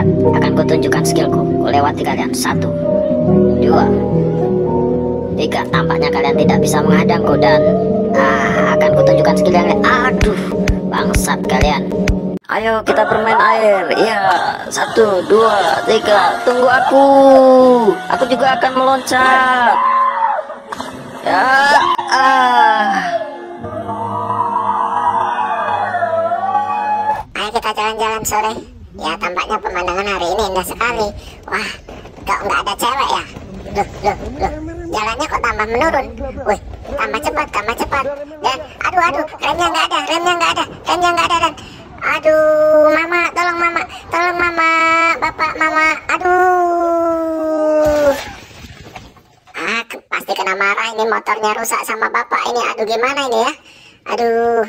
kalian akan kutunjukkan skillku. Kulewati kalian. Satu, dua, tiga. Tampaknya kalian tidak bisa menghadangku dan ah, akan kutunjukkan skill yang aduh bangsat kalian. Ayo kita bermain air. Iya, satu, dua, tiga. Tunggu aku. Aku juga akan meloncat. Ya, ah. Ayo kita jalan-jalan sore ya tampaknya pemandangan hari ini indah sekali wah kok nggak ada cewek ya loh loh loh jalannya kok tambah menurun wih tambah cepat tambah cepat dan aduh aduh remnya nggak ada remnya nggak ada remnya nggak ada dan aduh mama tolong mama tolong mama bapak mama aduh ah pasti kena marah ini motornya rusak sama bapak ini aduh gimana ini ya aduh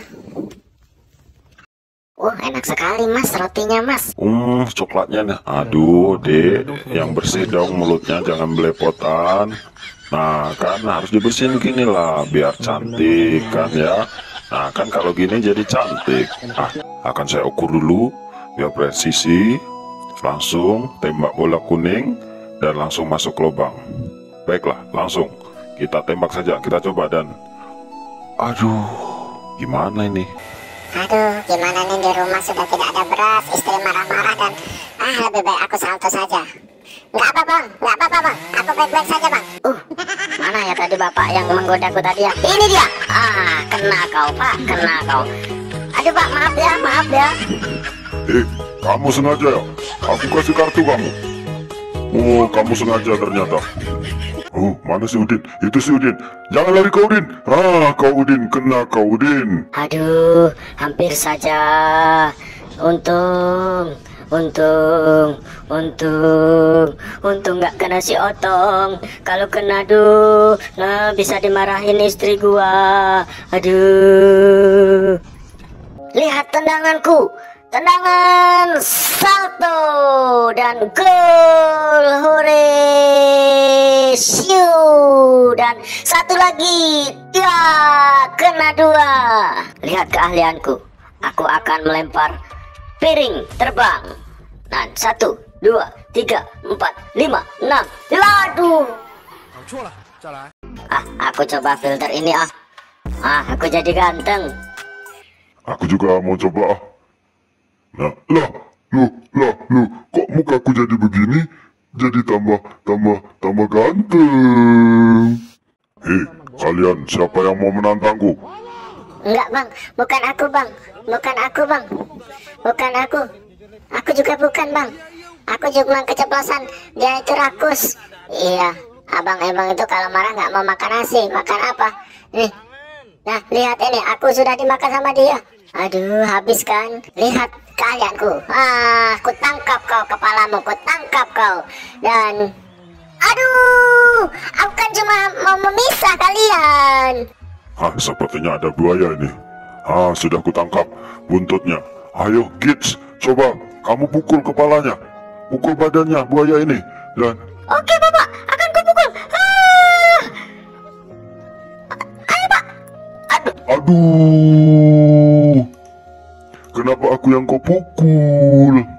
Wah enak sekali mas rotinya mas Hmm coklatnya nih Aduh dek yang bersih dong mulutnya jangan belepotan Nah kan harus dibersihin gini lah biar cantik kan ya Nah kan kalau gini jadi cantik Ah akan saya ukur dulu biar presisi Langsung tembak bola kuning dan langsung masuk lubang Baiklah langsung kita tembak saja kita coba dan Aduh gimana ini aduh gimana nih di rumah sudah tidak ada beras istri marah-marah dan ah lebih baik aku salto saja nggak apa bang nggak apa-apa bang aku baik-baik saja bang uh mana ya tadi bapak yang menggodaku tadi ya ini dia ah kena kau pak kena kau aduh pak maaf ya maaf ya eh kamu sengaja ya aku kasih kartu kamu oh kamu sengaja ternyata Oh, mana si Udin? Itu si Udin. Jangan lari kau Udin. Ah, kau Udin kena kau Udin. Aduh, hampir saja. Untung, untung, untung, untung nggak kena si Otong. Kalau kena duh, nah bisa dimarahin istri gua. Aduh. Lihat tendanganku tendangan salto dan gol hore dan satu lagi ya kena dua lihat keahlianku aku akan melempar piring terbang dan satu dua tiga empat lima enam aduh ah aku coba filter ini ah ah aku jadi ganteng aku juga mau coba ah nah lah kalian siapa yang mau menantangku? Enggak bang, bukan aku bang, bukan aku bang, bukan aku, aku juga bukan bang, aku cuma keceplosan, dia itu rakus. Iya, abang-abang itu kalau marah nggak mau makan nasi, makan apa? Nih, nah lihat ini, aku sudah dimakan sama dia. Aduh, habis kan? Lihat kalianku. Ah, aku tangkap kau kepalamu, aku tangkap kau. Dan aduh mau memisah kalian. Ah, sepertinya ada buaya ini. Ah, sudah kutangkap buntutnya. Ayo, kids, coba kamu pukul kepalanya. Pukul badannya buaya ini. Dan... Oke, Bapak. Akan kupukul. Ah. Aduh. Aduh. Kenapa aku yang kau pukul?